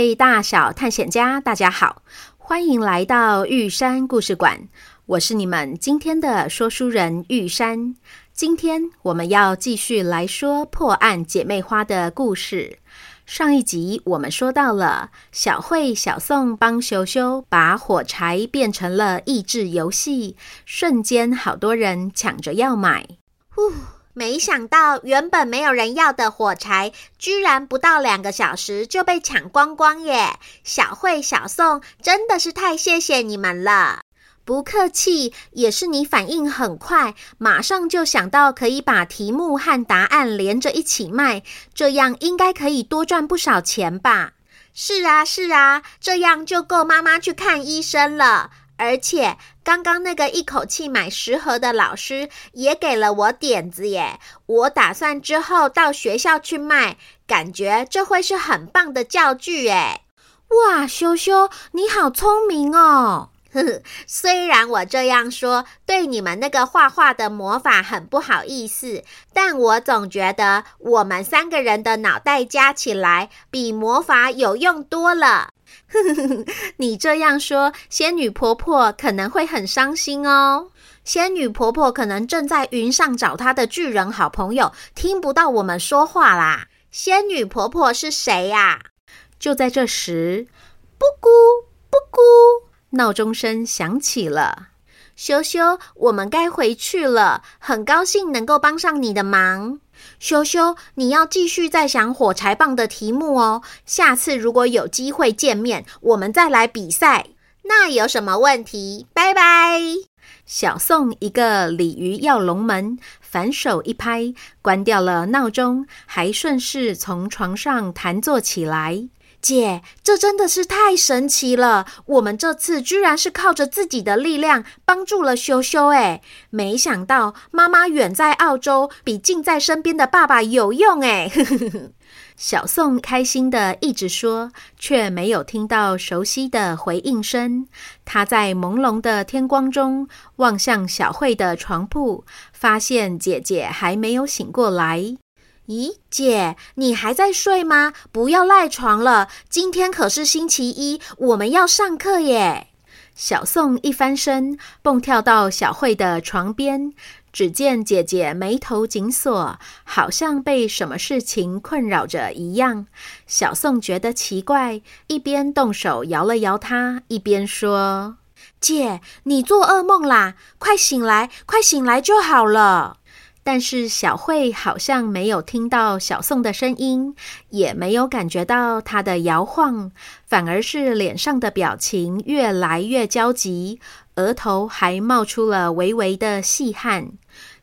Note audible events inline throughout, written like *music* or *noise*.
嘿，大小探險家，大家好，歡迎來到玉山故事館，我是你們今天的說書人玉山。今天我們要繼續來說破案姊妹花的故事。上一集我們說到了小繪、小宋幫修修把火柴變成了益智遊戲，瞬間好多人搶着要買。呼。沒想到原本沒有人要的火柴，居然不到兩個小時就被搶光光耶！小慧、小宋，真的是太謝謝你們了。不客氣，也是你反應很快，馬上就想到可以把題目和答案連着一起賣，這樣應該可以多賺不少錢吧？是啊，是啊，這樣就夠媽媽去看醫生了。而且，剛剛那個一口氣買十盒的老師也給了我點子耶。我打算之後到學校去賣，感覺這會是很棒的教具耶。哇，修修，你好聰明哦！呵呵，雖然我這樣說，對你們那個畫畫的魔法很不好意思，但我總覺得我們三個人的腦袋加起來比魔法有用多了。 *laughs* 你這樣說，仙女婆婆可能會很傷心哦。仙女婆婆可能正在雲上找她的巨人好朋友，聽不到我們說話啦。仙女婆婆是誰呀、啊？就在這時，布谷布谷，鬧鐘聲響起了。修修，我們該回去了。很高興能夠幫上你的忙。修修，你要繼續再想火柴棒的題目哦。下次如果有機會見面，我們再來比賽。那有什麼問題？拜拜。小宋一個鯉魚躍龍門，反手一拍，關掉了鬧鐘，還順勢從床上彈坐起來。姐，這真的是太神奇了！我們這次居然是靠着自己的力量幫助了修修哎，沒想到媽媽遠在澳洲，比近在身邊的爸爸有用哎！ *laughs* 小宋開心的一直說，卻沒有聽到熟悉的回應聲。他在朦朧的天光中望向小繪的床鋪，發現姐姐還沒有醒過來。咦，姐，你還在睡嗎？不要賴床了，今天可是星期一，我們要上課耶！小宋一翻身，蹦跳到小繪的床邊，只見姐姐眉頭緊鎖，好像被什麼事情困擾着一樣。小宋覺得奇怪，一邊動手搖了搖她，一邊說：“姐，你做噩夢啦，快醒來，快醒來就好了。”但是小繪好像沒有聽到小宋的聲音，也沒有感覺到他的搖晃，反而是臉上的表情越來越焦急，額頭還冒出了微微的細汗。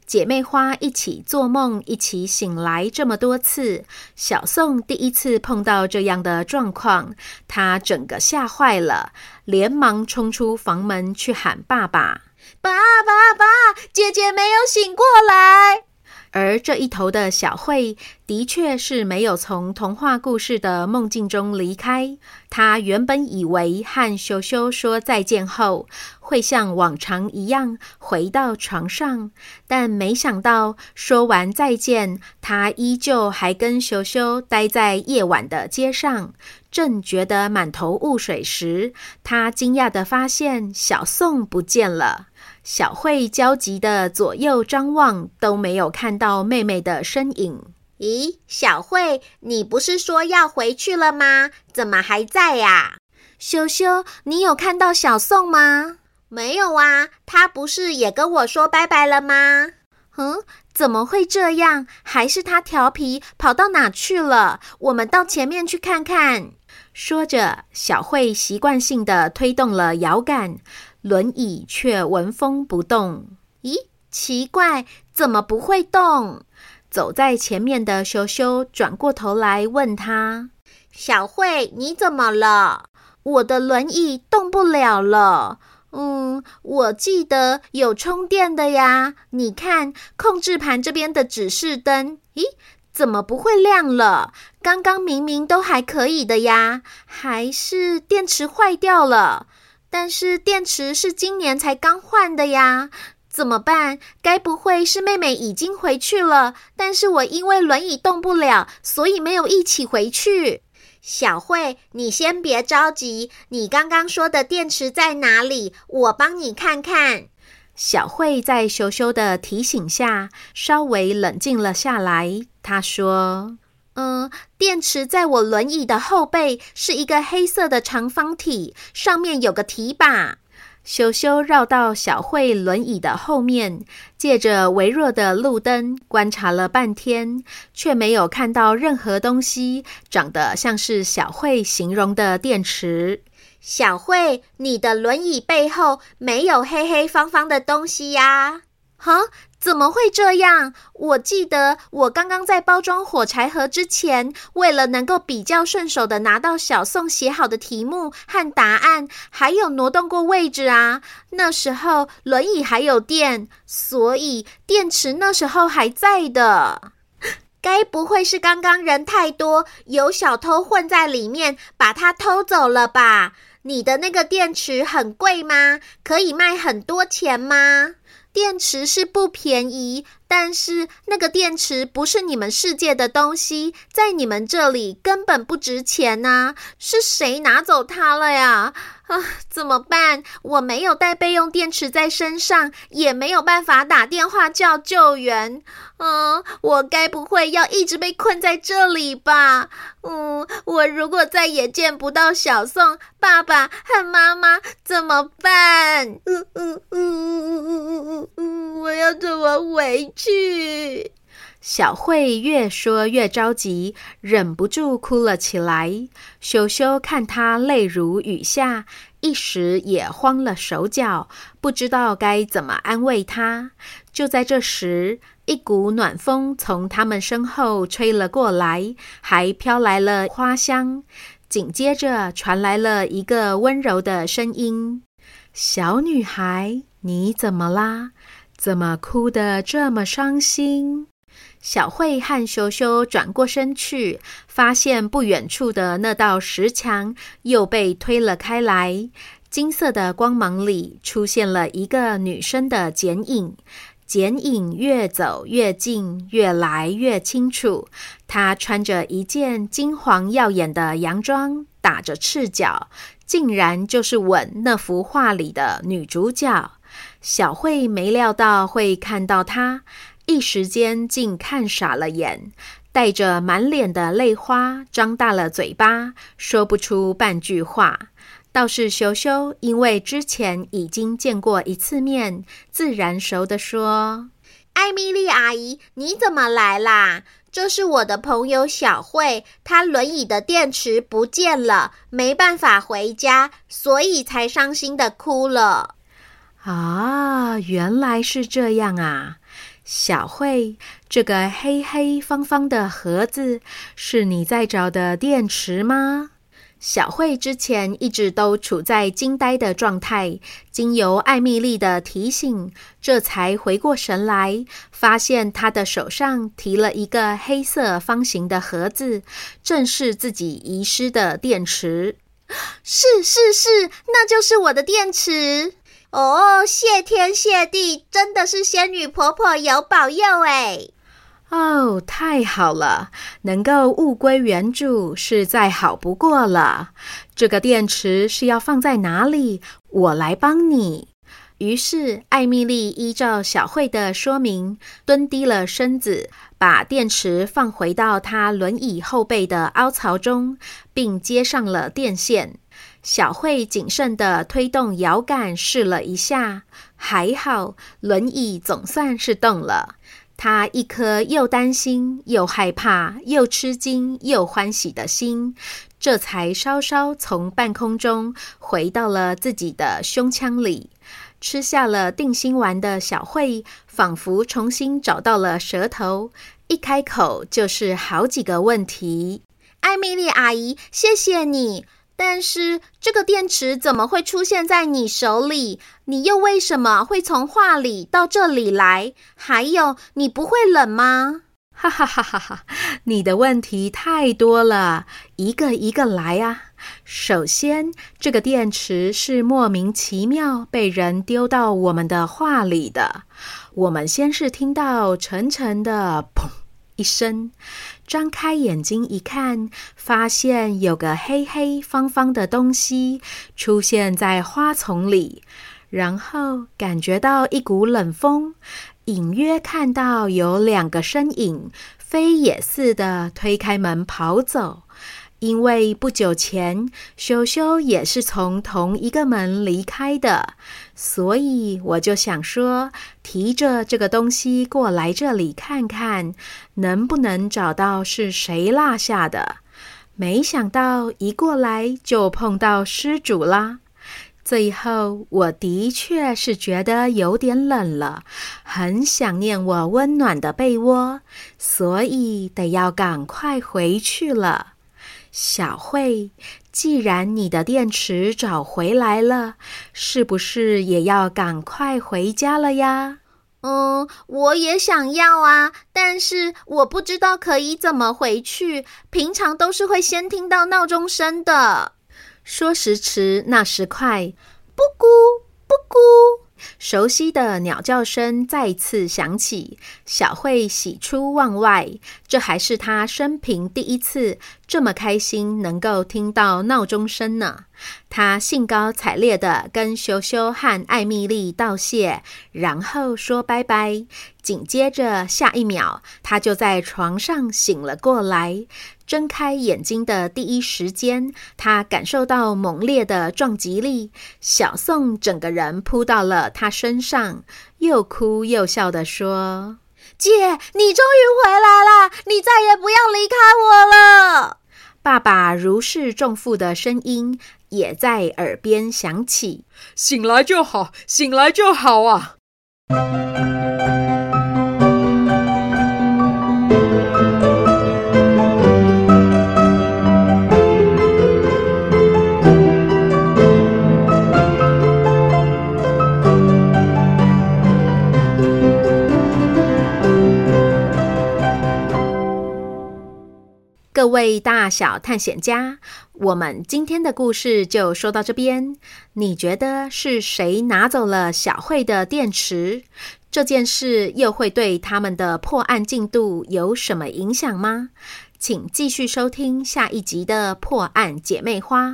姐妹花一起做夢、一起醒來這麼多次，小宋第一次碰到這樣的狀況，他整個嚇壞了，連忙衝出房門去喊爸爸。爸爸爸，姐姐沒有醒過來。而這一頭的小繪的確是沒有從童話故事的夢境中離開。她原本以為和修修說再見後，會像往常一樣回到床上，但沒想到說完再見，她依舊還跟修修待在夜晚的街上。正覺得滿頭霧水時，她驚訝地發現小宋不見了。小慧焦急地左右張望，都沒有看到妹妹的身影。咦，小慧，你不是說要回去了嗎？怎麼還在呀、啊？修修，你有看到小宋嗎？沒有啊，他不是也跟我說拜拜了嗎？嗯，怎麼會這樣？還是他調皮，跑到哪去了？我們到前面去看看。說着，小慧習慣性地推動了搖桿。輪椅卻紋風不動。咦，奇怪，怎麼不會動？走在前面的熊熊轉過頭來問他：“小繪，你怎麼了？我的輪椅動不了了。”“嗯，我記得有充電的呀。你看控制盤這邊的指示燈，咦，怎麼不會亮了？剛剛明明都還可以的呀，還是電池壞掉了？”但是電池是今年才剛換的呀，怎麼辦？該不會是妹妹已經回去了，但是我因為輪椅動不了，所以沒有一起回去。小繪，你先別着急，你剛剛說的電池在哪裡？我幫你看看。小繪在羞羞的提醒下，稍微冷靜了下來。她說。嗯，電池在我輪椅的後背，是一個黑色的長方體，上面有個提把。修修繞到小繪輪椅的後面，借着微弱的路燈觀察了半天，卻沒有看到任何東西長得像是小繪形容的電池。小繪，你的輪椅背後沒有黑黑方方的東西呀？啊？哈、嗯？怎麼會這樣？我記得我剛剛在包裝火柴盒之前，為了能夠比較順手的拿到小宋寫好的題目和答案，還有挪動過位置啊。那時候輪椅還有電，所以電池那時候還在的。 *laughs* 該不會是剛剛人太多，有小偷混在裡面把它偷走了吧？你的那個電池很貴嗎？可以賣很多錢嗎？電池是不便宜。但是那個電池不是你們世界的東西，在你們這裡根本不值錢吶、啊！是誰拿走它了呀？啊，怎麼辦？我沒有帶備用電池在身上，也沒有辦法打電話叫救援。哦、啊，我該不會要一直被困在這裡吧？嗯，我如果再也見不到小宋爸爸和媽媽怎麼辦？嗚嗚嗚嗚嗚嗚嗚嗚！我要怎麼回去？小繪越說越着急，忍不住哭了起來。秀秀看她淚如雨下，一時也慌了手腳，不知道該怎麼安慰她。就在這時，一股暖風從他們身後吹了過來，還飄來了花香。緊接着，傳來了一個溫柔的聲音：“小女孩，你怎麼啦？”怎麼哭得這麼傷心？小慧和修修轉過身去，發現不遠處的那道石牆又被推了開來，金色的光芒裡出現了一個女生的剪影，剪影越走越近，越來越清楚。她穿着一件金黃耀眼的洋裝，打着赤腳，竟然就是吻那幅畫裡的女主角。小慧沒料到會看到他，一時間竟看傻了眼，帶着滿臉的淚花，張大了嘴巴，說不出半句話。倒是修修，因為之前已經見過一次面，自然熟地說：“艾米麗阿姨，你怎麼來啦？這是我的朋友小慧，她輪椅的電池不見了，沒辦法回家，所以才傷心地哭了。”啊，原來是這樣啊！小繪，這個黑黑方方的盒子是你在找的電池嗎？小繪之前一直都處在驚呆的狀態，經由艾米麗的提醒，這才回過神來，發現她的手上提了一個黑色方形的盒子，正是自己遺失的電池。是是是，那就是我的電池。哦，oh, 謝天謝地，真的是仙女婆婆有保佑哎！哦，太好了，能夠物歸原主是再好不過了。這個電池是要放在哪裡？我來幫你。於是艾米麗依照小繪的說明，蹲低了身子，把電池放回到她輪椅後背的凹槽中，並接上了電線。小繪謹慎地推動搖桿試了一下，還好，輪椅總算是動了。她一顆又擔心又害怕又吃驚又歡喜的心，這才稍稍從半空中回到了自己的胸腔裡。吃下了定心丸的小繪，仿佛重新找到了舌頭，一開口就是好幾個問題。艾米麗阿姨，謝謝你。但是這個電池怎麼會出現在你手裡？你又為什麼會從畫裡到這裡來？還有，你不會冷嗎？哈哈哈哈哈！你的問題太多了，一個一個來啊。首先，這個電池是莫名其妙被人丟到我們的畫裡的。我們先是聽到沉沉的“砰”。一聲，張開眼睛一看，發現有個黑黑方方的東西出現在花叢裡，然後感覺到一股冷風，隱約看到有兩個身影飛也似的推開門跑走。因為不久前，修修也是從同一個門離開的，所以我就想說，提着這個東西過來這裡看看，能不能找到是誰落下的。沒想到一過來就碰到失主啦。最後，我的確是覺得有點冷了，很想念我溫暖的被窩，所以得要趕快回去了。小繪，既然你的電池找回來了，是不是也要趕快回家了呀？嗯，我也想要啊，但是我不知道可以怎麼回去。平常都是會先聽到鬧鐘聲的。說時遲，那時快，布穀布穀、布穀熟悉的鳥叫聲再次響起，小繪喜出望外。這還是她生平第一次這麼開心，能夠聽到鬧鐘聲呢。她興高采烈地跟修修和艾米麗道謝，然後說拜拜。緊接着，下一秒，她就在床上醒了過來。睜開眼睛的第一時間，他感受到猛烈的撞擊力。小宋整個人撲到了他身上，又哭又笑地說：“姐，你終於回來了，你再也不要離開我了。”爸爸如釋重負的聲音也在耳邊響起：“醒來就好，醒來就好啊。”各位大小探險家，我們今天的故事就說到這邊。你覺得是誰拿走了小繪的電池？這件事又會對他們的破案進度有什麼影響嗎？請繼續收聽下一集的《破案姐妹花》。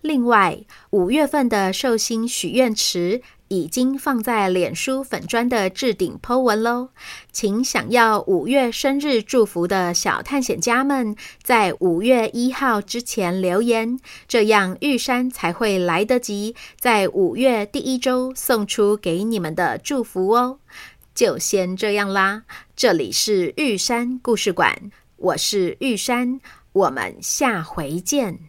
另外，五月份的壽星許願池。已經放在臉書粉專的置頂 po 文嘍，請想要五月生日祝福的小探險家們，在五月一號之前留言，這樣玉山才會來得及在五月第一周送出給你們的祝福哦。就先這樣啦，這裡是玉山故事館，我是玉山，我們下回見。